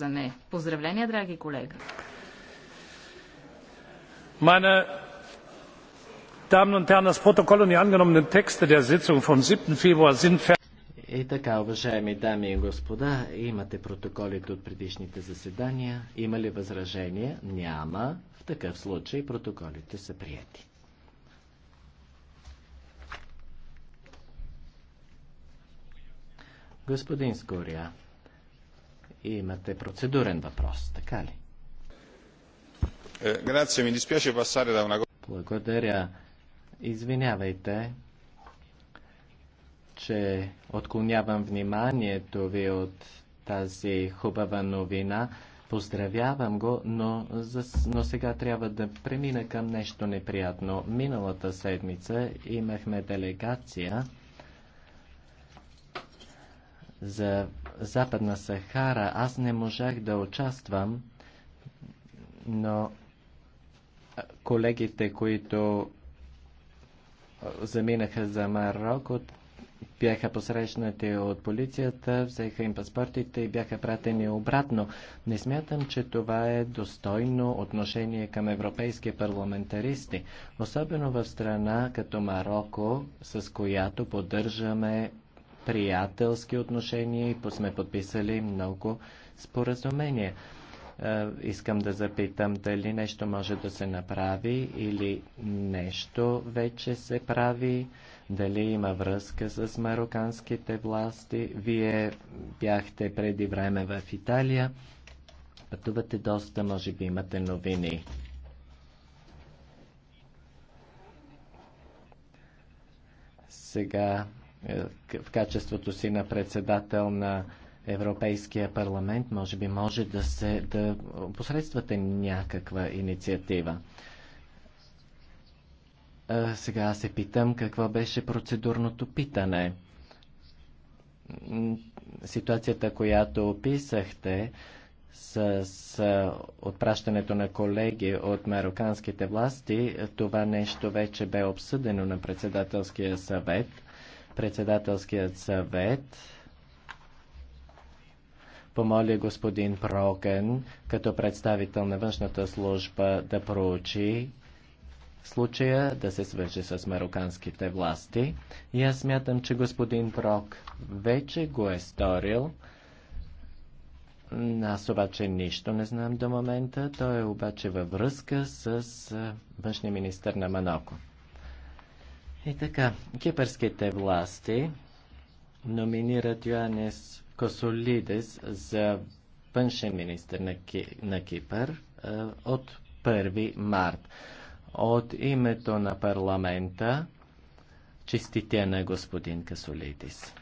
за нея. Поздравления, драги колега! Meine Damen und Herren, das Protokoll und die angenommenen Texte der Sitzung vom 7. Februar sind И така, уважаеми дами и господа, имате протоколите от предишните заседания. Има ли възражения? Няма. В такъв случай протоколите са прияти. Господин Скория и имате процедурен въпрос, така ли? Е, Благодаря. Извинявайте, че отклонявам вниманието ви от тази хубава новина. Поздравявам го, но, за, но сега трябва да премина към нещо неприятно. Миналата седмица имахме делегация за Западна Сахара. Аз не можах да участвам, но колегите, които заминаха за Марокко, бяха посрещнати от полицията, взеха им паспортите и бяха пратени обратно. Не смятам, че това е достойно отношение към европейски парламентаристи, особено в страна като Марокко, с която поддържаме приятелски отношения и сме подписали много споразумения. Е, искам да запитам дали нещо може да се направи или нещо вече се прави, дали има връзка с мароканските власти. Вие бяхте преди време в Италия, пътувате доста, може би имате новини. Сега е, в качеството си на председател на Европейския парламент, може би може да, се, да посредствате някаква инициатива. Сега се питам какво беше процедурното питане. Ситуацията, която описахте с, с отпращането на колеги от мароканските власти, това нещо вече бе обсъдено на председателския съвет – Председателският съвет помоли господин Проген като представител на външната служба да проучи случая да се свържи с мароканските власти. И аз смятам, че господин Прок вече го е сторил. Аз обаче нищо не знам до момента. Той е обаче във връзка с външния министр на Маноко. И така, кипърските власти номинират Йоанес Косолидес за външен министр на, Ки, на Кипър от 1 март. От името на парламента, честите на господин Касолидис.